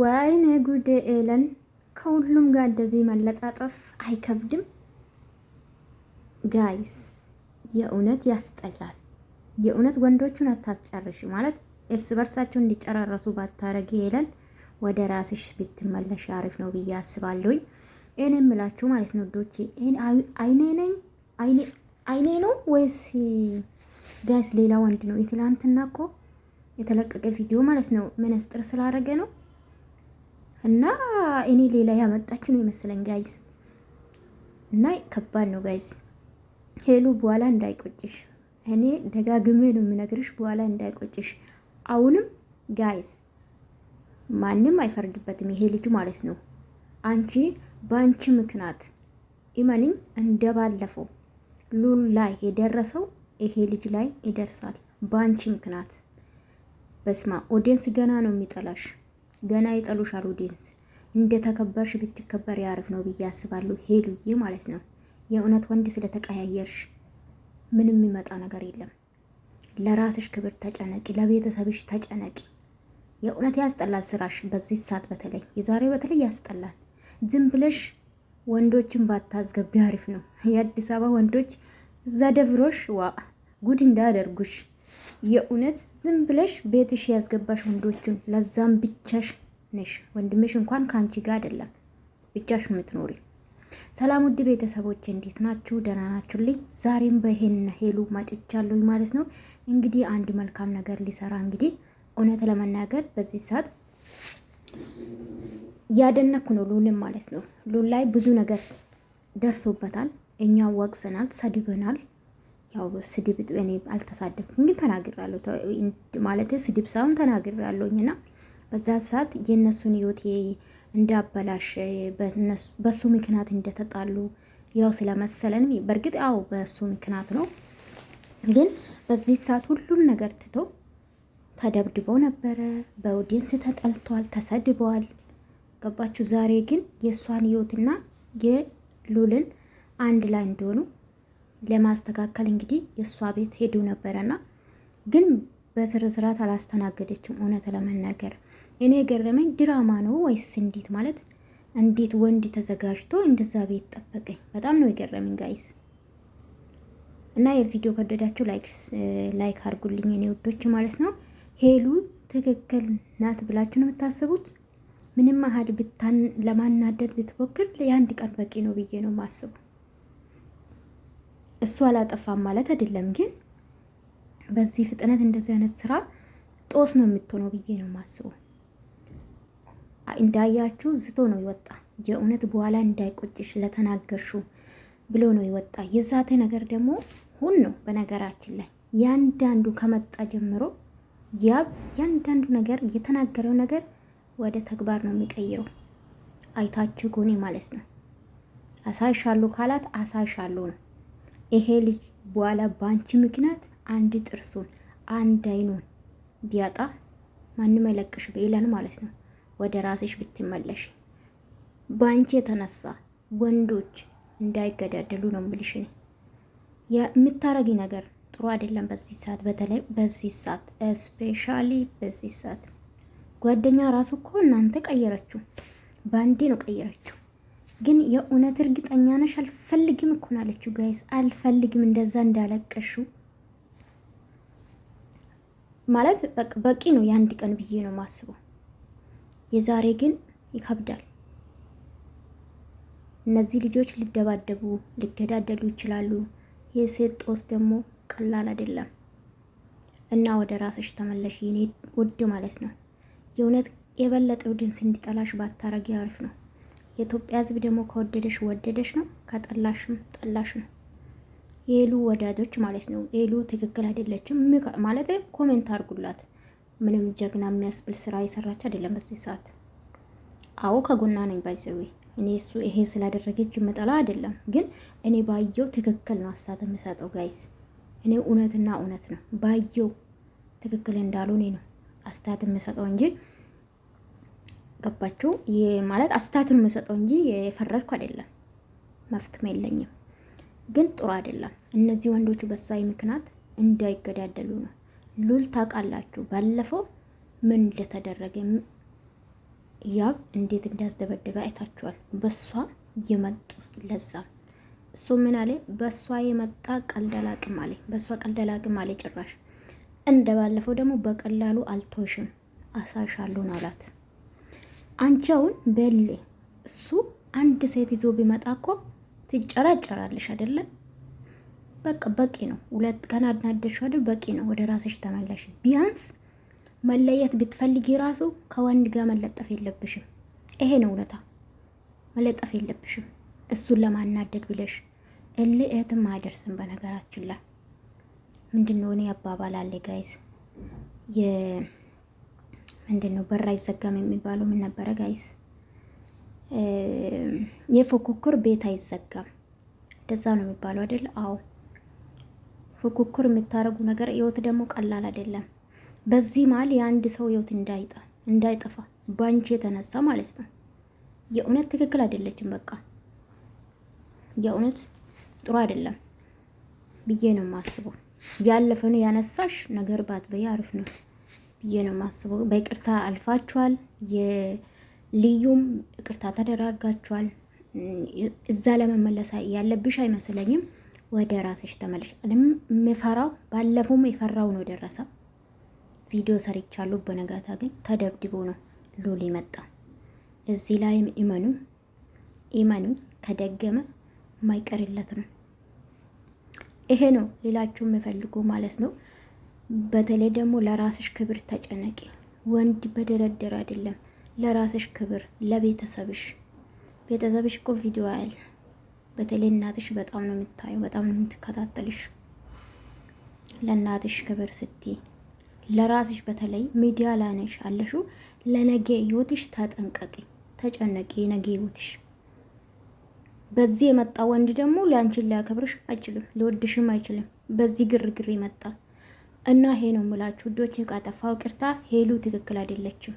ወይኔ ጉዴ ኤለን ከሁሉም ጋር እንደዚህ መለጣጠፍ አይከብድም? ጋይስ የእውነት ያስጠላል። የእውነት ወንዶቹን አታስጨርሽ ማለት እርስ በርሳቸው እንዲጨራረሱ ባታረጊ ኤለን ወደ ራስሽ ብትመለሽ አሪፍ ነው ብዬ አስባለሁኝ። እኔ የምላችሁ ማለት ነው ዶቼ አይኔ ነኝ አይኔ ነው ወይስ ጋይስ ሌላ ወንድ ነው? የትላንትና እኮ የተለቀቀ ቪዲዮ ማለት ነው ምንስጥር ስላደረገ ነው እና እኔ ሌላ ያመጣችሁ ነው ይመስለኝ ጋይዝ። እና ከባድ ነው ጋይዝ። ሄሉ በኋላ እንዳይቆጭሽ፣ እኔ ደጋግሜ ነው የምነግርሽ፣ በኋላ እንዳይቆጭሽ። አሁንም ጋይዝ ማንም አይፈርድበትም ይሄ ልጅ ማለት ነው። አንቺ በአንቺ ምክንያት ኢመንኝ እንደባለፈው ሉል ላይ የደረሰው ይሄ ልጅ ላይ ይደርሳል። በአንቺ ምክንያት በስማ ኦዲየንስ ገና ነው የሚጠላሽ። ገና ይጠሉሻል። ኦዲየንስ እንደ ተከበርሽ ብትከበር ያርፍ ነው ብዬ አስባለሁ። ሄሉዬ ማለት ነው የእውነት ወንድ ስለተቀያየርሽ ምንም የሚመጣ ነገር የለም። ለራስሽ ክብር ተጨነቂ፣ ለቤተሰብሽ ተጨነቂ። የእውነት ያስጠላል ስራሽ በዚህ ሰዓት፣ በተለይ የዛሬ በተለይ ያስጠላል። ዝም ብለሽ ወንዶችን ባታዝገቢ አሪፍ ነው። የአዲስ አበባ ወንዶች እዛ ደብሮሽ ዋ ጉድ እንዳያደርጉሽ የእውነት ዝም ብለሽ ቤትሽ ያስገባሽ ወንዶቹን፣ ለዛም ብቻሽ ነሽ። ወንድምሽ እንኳን ከአንቺ ጋር አይደለም ብቻሽ የምትኖሪ። ሰላም ውድ ቤተሰቦች እንዴት ናችሁ? ደህና ናችሁልኝ? ዛሬም በሄና ሄሉ መጥቻለሁ ማለት ነው። እንግዲህ አንድ መልካም ነገር ሊሰራ እንግዲህ እውነት ለመናገር በዚህ ሰዓት ያደነኩ ነው ሉልን ማለት ነው። ሉል ላይ ብዙ ነገር ደርሶበታል። እኛ ወቅሰናል፣ ሰድበናል ያው ስድብ እኔ አልተሳደብኩም፣ ግን ተናግራለሁ ማለት ስድብ ሳይሆን ተናግራለሁኝ እና በዛ ሰዓት የእነሱን ህይወቴ እንዳበላሸ በሱ ምክንያት እንደተጣሉ ያው ስለመሰለን በእርግጥ ያው በሱ ምክንያት ነው። ግን በዚህ ሰዓት ሁሉም ነገር ትቶ ተደብድበው ነበረ። በኦዲየንስ ተጠልተዋል፣ ተሰድበዋል። ገባችሁ? ዛሬ ግን የእሷን ህይወትና የሉልን አንድ ላይ እንደሆኑ ለማስተካከል እንግዲህ የእሷ ቤት ሄዱ ነበረና ግን በስርዓት አላስተናገደችም። እውነት ለመናገር እኔ የገረመኝ ድራማ ነው ወይስ እንዴት ማለት እንዴት ወንድ ተዘጋጅቶ እንደዛ ቤት ጠበቀኝ? በጣም ነው የገረመኝ ጋይስ። እና የቪዲዮ ከወደዳችሁ ላይክ አድርጉልኝ እኔ ውዶች ማለት ነው። ሄሉ ትክክል ናት ብላችሁ ነው የምታስቡት? ምንም ብታን ለማናደድ ብትሞክር የአንድ ቀን በቂ ነው ብዬ ነው ማስቡ። እሱ አላጠፋም ማለት አይደለም፣ ግን በዚህ ፍጥነት እንደዚህ አይነት ስራ ጦስ ነው የምትሆነው ብዬ ነው የማስበው። እንዳያችሁ ዝቶ ነው ይወጣ። የእውነት በኋላ እንዳይቆጭሽ ለተናገርሹ ብሎ ነው ይወጣ። የዛቴ ነገር ደግሞ ሁን ነው። በነገራችን ላይ ያንዳንዱ ከመጣ ጀምሮ ያብ ያንዳንዱ ነገር የተናገረው ነገር ወደ ተግባር ነው የሚቀይረው። አይታችሁ ጎኔ ማለት ነው። አሳይሻሉ ካላት አሳይሻሉ ነው። ይሄ ልጅ በኋላ በአንቺ ምክንያት አንድ ጥርሱን አንድ አይኑን ቢያጣ ማንም አይለቅሽ ይላል ማለት ነው። ወደ ራስሽ ብትመለሽ በአንቺ የተነሳ ወንዶች እንዳይገዳደሉ ነው የምልሽ። እኔ የምታረጊ ነገር ጥሩ አይደለም። በዚህ ሰዓት በተለይ በዚህ ሰዓት ስፔሻሊ በዚህ ሰዓት ጓደኛ ራሱ እኮ እናንተ ቀየረችው፣ በአንዴ ነው ቀየረችው። ግን የእውነት እርግጠኛ ነሽ? አልፈልግም እኮ ነው አለችው። ጋይስ አልፈልግም እንደዛ እንዳለቀሹ ማለት በቂ ነው የአንድ ቀን ብዬ ነው ማስበው። የዛሬ ግን ይከብዳል። እነዚህ ልጆች ሊደባደቡ ሊገዳደሉ ይችላሉ። የሴት ጦስ ደግሞ ቀላል አይደለም እና ወደ ራስሽ ተመለሽ የኔ ውድ ማለት ነው። የእውነት የበለጠ ውድንስ እንዲጠላሽ ባታረጊ አሪፍ ነው። የኢትዮጵያ ህዝብ ደግሞ ከወደደሽ ወደደሽ ነው፣ ከጠላሽም ጠላሽ ነው። የሉ ወዳጆች ማለት ነው። የሉ ትክክል አይደለችም ማለት ኮሜንት አድርጉላት። ምንም ጀግና የሚያስብል ስራ የሰራች አይደለም በዚህ ሰዓት። አዎ ከጎና ነኝ ባይዘዌ እኔ እሱ ይሄ ስላደረገች መጠላ አይደለም፣ ግን እኔ ባየው ትክክል ነው አስታት የምሰጠው ጋይስ። እኔ እውነትና እውነት ነው ባየው ትክክል እንዳልሆነ ነው አስታት የምሰጠው እንጂ ገባችሁ? ማለት አስታትን የምሰጠው እንጂ የፈረድኩ አይደለም። መፍትም የለኝም፣ ግን ጥሩ አይደለም። እነዚህ ወንዶች በሷ ምክንያት እንዳይገዳደሉ ነው። ሉል ታውቃላችሁ፣ ባለፈው ምን እንደተደረገ ያብ እንዴት እንዳስደበደበ አይታችኋል። በሷ የመጡ ለዛ እሱ ምን አለ? በሷ የመጣ ቀልደላቅም አለ። በሷ ቀልደላቅም አለ። ጭራሽ እንደ ባለፈው ደግሞ በቀላሉ አልቶሽም አሳሻለሁ ነው አላት። አንቻውን በሌ እሱ አንድ ሴት ይዞ ቢመጣ እኮ ትጨራጨራለሽ አይደለም? በቃ በቂ ነው። ሁለት ቀን አድናደሽ አይደል? በቂ ነው። ወደ ራስሽ ተመለሽ። ቢያንስ መለየት ብትፈልጊ ራሱ ከወንድ ጋር መለጠፍ የለብሽም። ይሄ ነው ውለታ። መለጠፍ የለብሽም እሱን ለማናደድ ብለሽ እል እህትም አይደርስም። በነገራችን ላይ ምንድን ነው እኔ አባባል አለ የ ምንድን ነው በር አይዘጋም የሚባለው ምን ነበረ ጋይስ? የፉክክር ቤት አይዘጋም እንደዛ ነው የሚባለው አይደል? አዎ ፉክክር የምታደርጉ ነገር ህይወት ደግሞ ቀላል አይደለም። በዚህ መሀል የአንድ ሰው ህይወት እንዳይጣ እንዳይጠፋ ባንቺ የተነሳ ማለት ነው። የእውነት ትክክል አይደለችም። በቃ የእውነት ጥሩ አይደለም ብዬ ነው የማስበው። ነው ያነሳሽ ነገር ባት በይ አሪፍ ነው። ብዬ ነው የማስበው። በይቅርታ አልፋችኋል። የልዩም ይቅርታ ተደራርጋችኋል። እዛ ለመመለስ ያለብሽ አይመስለኝም። ወደ ራስሽ ተመለሽ። እኔም የምፈራው ባለፈውም የፈራው ነው ደረሰ። ቪዲዮ ሰርቻለሁ። በነጋታ ግን ተደብድቦ ነው ሉል ይመጣ። እዚህ ላይ እመኑ እመኑ፣ ከደገመ ማይቀርለት ነው። ይሄ ነው ሌላችሁ የምፈልጉ ማለት ነው። በተለይ ደግሞ ለራስሽ ክብር ተጨነቂ። ወንድ በደረደር አይደለም፣ ለራስሽ ክብር፣ ለቤተሰብሽ። ቤተሰብሽ እኮ ቪዲዮ ያል በተለይ እናትሽ በጣም ነው የምታየው፣ በጣም ነው የምትከታተልሽ። ለእናትሽ ክብር ስቲ ለራስሽ በተለይ ሚዲያ ላይ ነሽ አለሹ። ለነገ ህይወትሽ ተጠንቀቂ፣ ተጨነቂ። የነገ ህይወትሽ በዚህ የመጣ ወንድ ደግሞ ላንቺን ሊያከብርሽ አይችልም፣ ሊወድሽም አይችልም። በዚህ ግርግር ይመጣል። እና ይሄ ነው የምላችሁ ውዶች። ካጠፋው ቅርታ ሄሉ ትክክል አይደለችም።